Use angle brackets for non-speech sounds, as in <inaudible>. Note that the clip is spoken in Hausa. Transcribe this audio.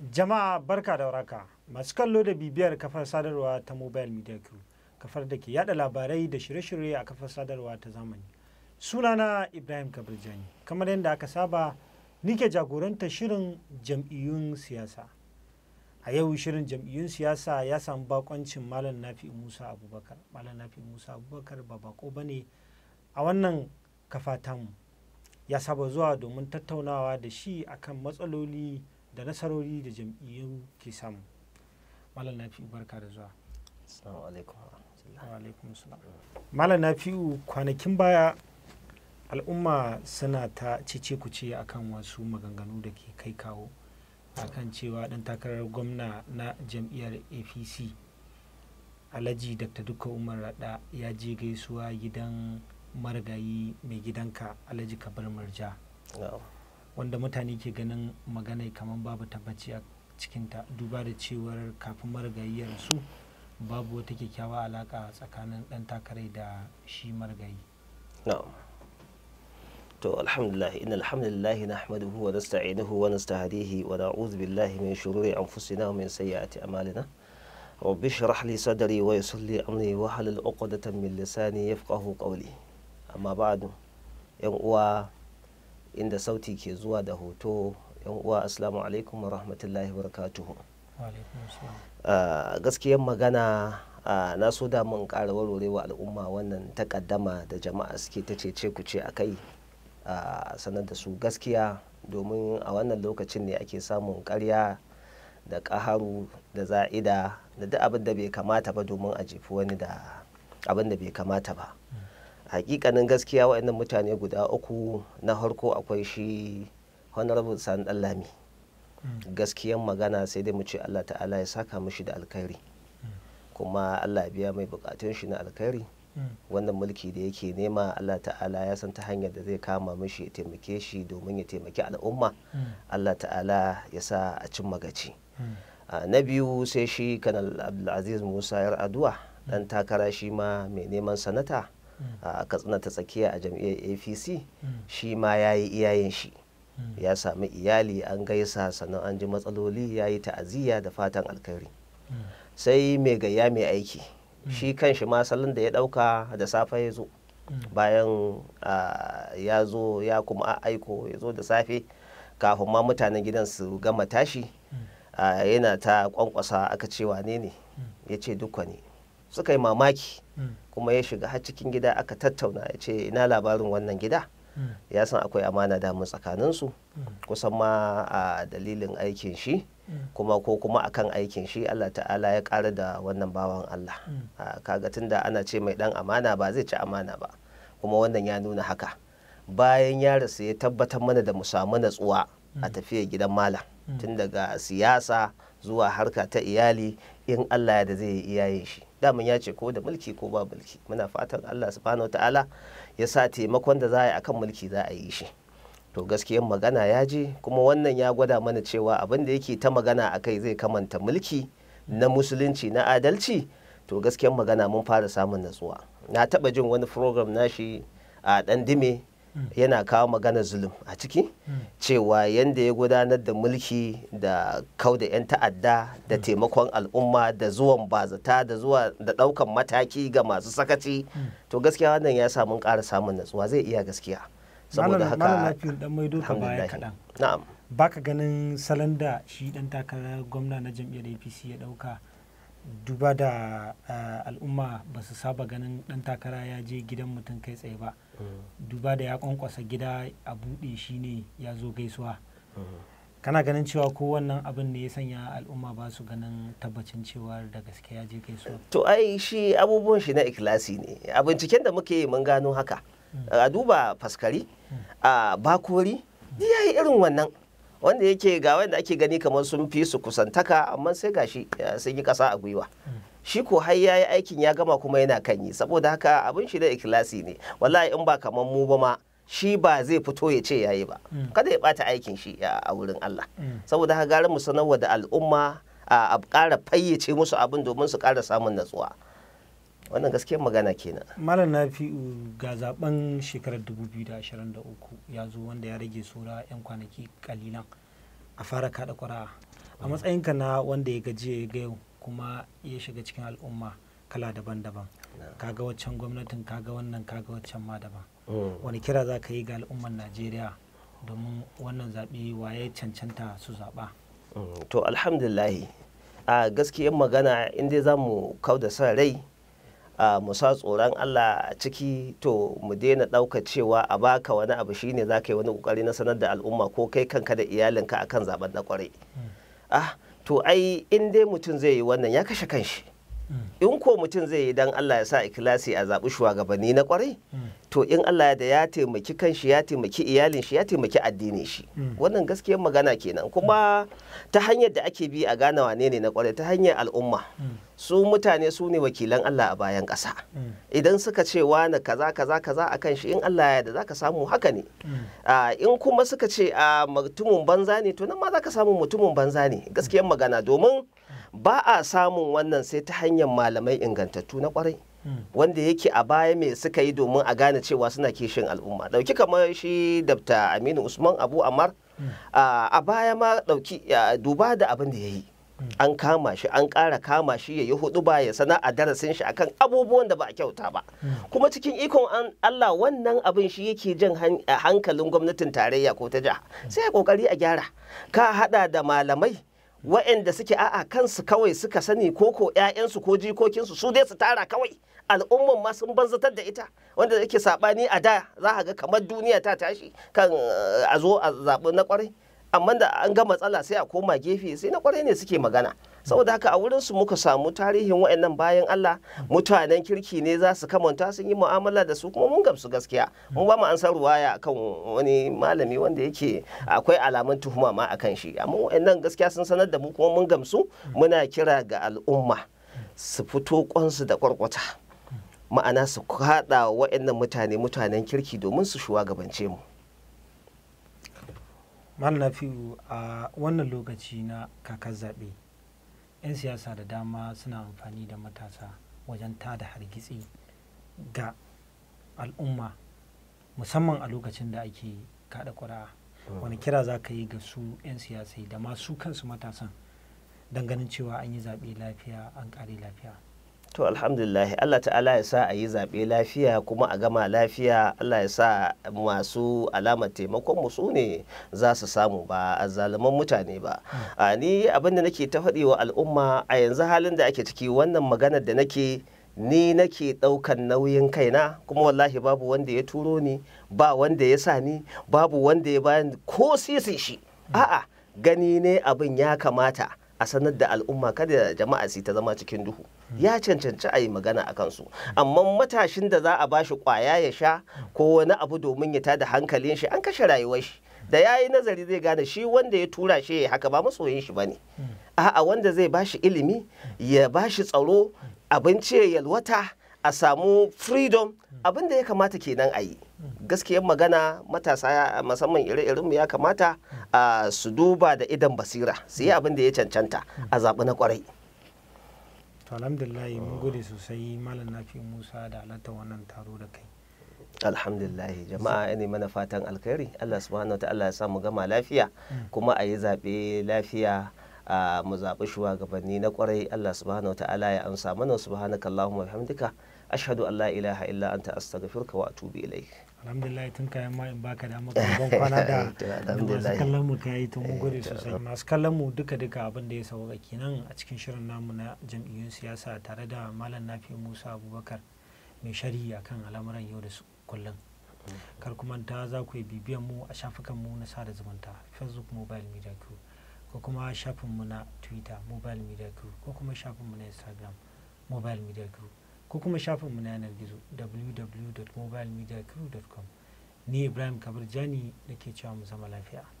Jama'a barka da waraka masu kallo da bibiyar kafar sadarwa ta Mobile Media Crew kafar da ke yada labarai da shirye-shirye a kafar sadarwa ta zamani. Sunana Ibrahim Kabirjani kamar yadda aka saba nike jagoranta shirin jam'iyyun siyasa. A yau shirin jam'iyyun siyasa ya samu bakoncin Malam Nafi Musa Abubakar. Malam Nafi Musa Abubakar ba bako ba ne a wannan kafa tamu. Ya saba zuwa domin tattaunawa da shi akan matsaloli da nasarori da jam'iyyu ke samu malam nafi'u barka da zuwa malam nafi'u kwanakin baya al'umma suna ta cece ce akan wasu maganganu da ke kai kawo akan cewa dan takarar gwamna na jam'iyyar apc alhaji dr duka umar rada ya je gaisuwa gidan marigayi mai gidanka alhaji kabar marja wanda mutane ke ganin magana kamar babu tabbaci a cikinta duba da cewar kafin marigayi su babu wata kyakkyawa alaka tsakanin ɗan takarai da shi marigayi na'am to alhamdulillah inna alhamdulillah nahmaduhu wa nasta'inuhu wa nasta'hadihi wa na'udhu billahi min shururi anfusina wa min sayyiati a'malina رب اشرح لي صدري ويسر لي امري واحلل عقدة من لساني يفقه قولي اما بعد yan uwa inda sauti ke zuwa da hoto yan uwa assalamu alaikum wa rahmatullahi wa barakatuhu gaskiyar magana na so da mun ƙara warwarewa al'umma wannan takaddama da jama'a suke ta ce ku ce a kai sanar da su gaskiya domin a wannan lokacin ne ake samun karya da ƙaharu da za'ida da duk abin da bai kamata ba domin a jefi wani da abin da bai kamata ba hakikanin gaskiya wa'annan mutane guda uku na harko akwai shi honorable san dallami gaskiyan magana sai dai mu ce allah ta'ala ya saka mushi da alkhairi kuma allah biya mai bukatun shi na alkhairi wannan mulki da yake nema Allah ta'ala ya san ta hanyar da zai kama mushi ya taimake shi domin ya taimaki al'umma Allah ta'ala ya sa a cin magaci ah, na biyu sai shi kanal abdulaziz musa yar aduwa dan takara shi ma mai neman sanata a katsina ta tsakiya a jam'iyyar apc shi ma ya yi iyayen shi ya sami iyali an gaisa sannan an ji matsaloli ya yi ta'aziyya da fatan alkhairi sai mai gayya mai aiki shi kan shi ma salon da ya dauka da safe ya zo bayan ya zo ya kuma aiko ya zo da safe kafin ma mutanen gidan su gama tashi yana ta kwankwasa aka ce wane ne ya ce dukwa ne suka yi mamaki hmm. kuma ya shiga har cikin gida aka tattauna ya ce ina labarin wannan gida hmm. ya san akwai amana damun tsakaninsu hmm. kusan ma a dalilin aikin shi kuma ko kuma akan aikin shi Allah ta'ala ya kara da wannan bawan Allah kaga tunda ana ce mai dan amana ba zai ci amana ba kuma wannan ya nuna haka bayan ya rasu ya tabbatar mana da musamman samu natsuwa a tafiyar gidan malam Mm. tun daga siyasa zuwa harka ta iyali in Allah da zai iyayen shi daman ya ce ko da mulki ko ba mulki muna fatan Allah subhanahu ta'ala ya sa taimakon da za a yi akan mulki za a yi shi to gaskiyan magana ya je kuma wannan ya gwada mana cewa abin da yake ta magana a kai zai kamanta mulki na musulunci na adalci to gaskiyan magana mun fara samun natsuwa na taba jin wani program nashi a dan dime yana kawo magana zulum a ciki cewa yadda ya gudanar da mulki da kau da 'yan ta'adda da taimakon al'umma da zuwan bazata da zuwa da daukan mataki ga masu sakaci to gaskiya wannan ya samu ƙara samun natsuwa zai iya gaskiya saboda haka na'am baka ganin salon da shi dan takarar gwamna na jam'iyyar APC ya dauka duba da eh, al'umma ba su saba ganin dan takara ya je gidan mutum kai tsaye ba mm. duba da ya kwankwasa gida a buɗe shi ne ya zo gaisuwa mm. kana ganin cewa ko wannan abin ne ya sanya al'umma ba su ganin tabbacin cewa da gaske ya je gaisuwa to ai shi abubuwan shi na ikilasi ne a binciken da muke mun gano haka mm. a duba faskari a bakori ya yi irin wannan wanda yake ga wanda ake gani kamar sun fi su kusantaka amma sai gashi eh, sun yi kasa a gwiwa shi ko har yayi aikin ya gama kuma yana kan yi saboda haka abin shi da ikilasi ne wallahi in ba kamar mu ba ma shi ba zai fito ya ce yayi ba mm. kada ya bata aikin shi eh, a wurin Allah mm. saboda haka garin mu sanarwa da al'umma a ƙara fayyace musu abin domin su ƙara samun natsuwa wannan gaskiyar magana kenan malam na fi ga zaben shekarar 2023 ya zo wanda ya rage sura 'yan kwanaki kalilan a fara kada kwara a mm. matsayinka na wanda ya gaji ya ga yau kuma ya shiga cikin al'umma kala daban-daban kaga waccan gwamnatin kaga wannan kaga waccan ma daban mm. wani kira za ka yi ga al'ummar najeriya domin wannan zaɓe waye cancanta su zaɓa mm. to alhamdulillahi a gaskiyar magana in dai za mu kau da son rai Ah, mu sa tsoron Allah a ciki to mu daina ɗauka cewa a baka wani abu shine za ka yi wani ƙoƙari na sanar da al'umma ko kai kanka da iyalinka akan zaben na ƙwarai hmm. ah to ai in dai mutum zai yi wannan ya kashe kanshi in ko mutum zai yi dan Allah ya sa ikilasi a zaɓi shugabanni na kwarai to in Allah da ya taimaki kanshi ya taimaki iyalin shi ya taimaki addinin shi wannan gaskiyar magana kenan kuma ta hanyar da ake bi a gane wane ne na kwarai ta hanyar al'umma su mutane su ne wakilan Allah a bayan ƙasa idan suka ce wani kaza kaza kaza a kan shi in Allah ya da zaka samu haka ne in kuma suka ce a mutumin banza ne to nan ma zaka samu mutumin banza ne gaskiyar magana domin ba a samun wannan sai ta hanyar malamai ingantattu na kwarai hmm. wanda yake a baya mai suka yi domin a gane cewa suna kishin al'umma dauki kamar shi dabta aminu usman abu amar hmm. a baya ma dauki duba da abin da ya yi hmm. an kama shi an kara kama shi ya yi hudu ba ya sana a darasin shi akan abubuwan da ba a kyauta ba kuma cikin ikon Allah wannan abin shi yake jan hankalin gwamnatin tarayya ko ta jiha sai a kokari a gyara ka hada da malamai wa'anda suke a'a kansu kawai suka sani koko ƴaƴansu ko jikokinsu su dai su tara kawai al'umman ma sun banzatar da ita wanda yake saɓani a da za a ga kamar duniya ta tashi kan eh, a zo a zaɓi na kwarai amma da an ga matsala sai a koma gefe sai na kwarai ne suke magana saboda haka a wurin su muka samu tarihin wayannan bayan Allah mutanen kirki ne za su kamanta sun yi mu'amala da su kuma mun gamsu gaskiya mun ba mu an san ruwaya kan wani malami wanda yake akwai alamun tuhuma ma akan shi amma waannan gaskiya sun sanar da mu kuma mun gamsu muna kira ga al'umma su fito kwansu da kwarkwata ma'ana su haɗa waɗannan mutane mutanen kirki domin su shuwa gabance mu mallafi a wannan lokaci na kakar zaɓe 'yan siyasa da dama suna amfani da matasa wajen tada hargitsi ga al'umma musamman a lokacin da ake kada ƙuri'a hmm. wani kira za ka yi ga su 'yan siyasai da masu kansu matasan ganin cewa an yi zaɓe lafiya an ƙare lafiya to alhamdulillah Allah ta'ala ya sa a yi zaɓe lafiya kuma a gama lafiya Allah ya sa masu alamar taimakon mu su ne za su samu ba a zaluman mutane ba hmm. a ni abin da nake ta faɗi wa al'umma a yanzu halin da ake ciki wannan maganar da nake ni nake ɗaukan nauyin kaina kuma wallahi babu wanda ya turo ni ba wanda ya sa ni babu wanda ya bayan ko sisin shi hmm. a'a gani ne abin ya kamata a sanar da al'umma kada jama'a su ta zama cikin duhu ya cancanci a yi magana a kansu amma matashin da za a bashi kwaya ya sha ko wani abu domin ya tada hankalin shi an kashe rayuwar shi da ya yi nazari zai gane shi wanda ya tura shi ya haka ba masoyin shi bane a'a wanda zai bashi ilimi ya ba shi tsaro abinci ya yalwata a samu freedom abin da ya kamata kenan a yi gaskiyar magana matasa musamman ire-irinmu ya kamata su duba da idan basira su yi abin da ya cancanta a zaɓi na kwarai to alhamdulillahi mun gode sosai malam nafi musa da alata wannan taro da kai alhamdulillah jama'a ne mana fatan alkhairi allah subhanahu wa ta'ala ya samu gama lafiya mm. kuma a yi zaɓe lafiya a mu zaɓi shugabanni na kwarai Allah subhanahu wa ta'ala ya amsa mana subhanakallahumma wa bihamdika ashhadu an la ilaha illa anta astaghfiruka wa atubu ilaik alhamdulillah tun kayan ma in baka da maka <laughs> ban kwana da masu kallon mu kai tun mun gode eh, sosai masu kallon mu duka duka abin da ya sauka kenan a cikin shirin namu na jam'iyyun siyasa tare da malam nafi musa abubakar mai sharhi akan al'amuran yau da kullum kar kuma ta za ku bibiyan mu a shafukan mu na sada zumunta facebook mobile media crew ko kuma shafin mu na twitter mobile media crew ko kuma shafin mu na instagram mobile media crew ko kuma shafinmu na yanar gizo www.mobilemediacrew.com ni ibrahim kabir jani nake cewa mu zama lafiya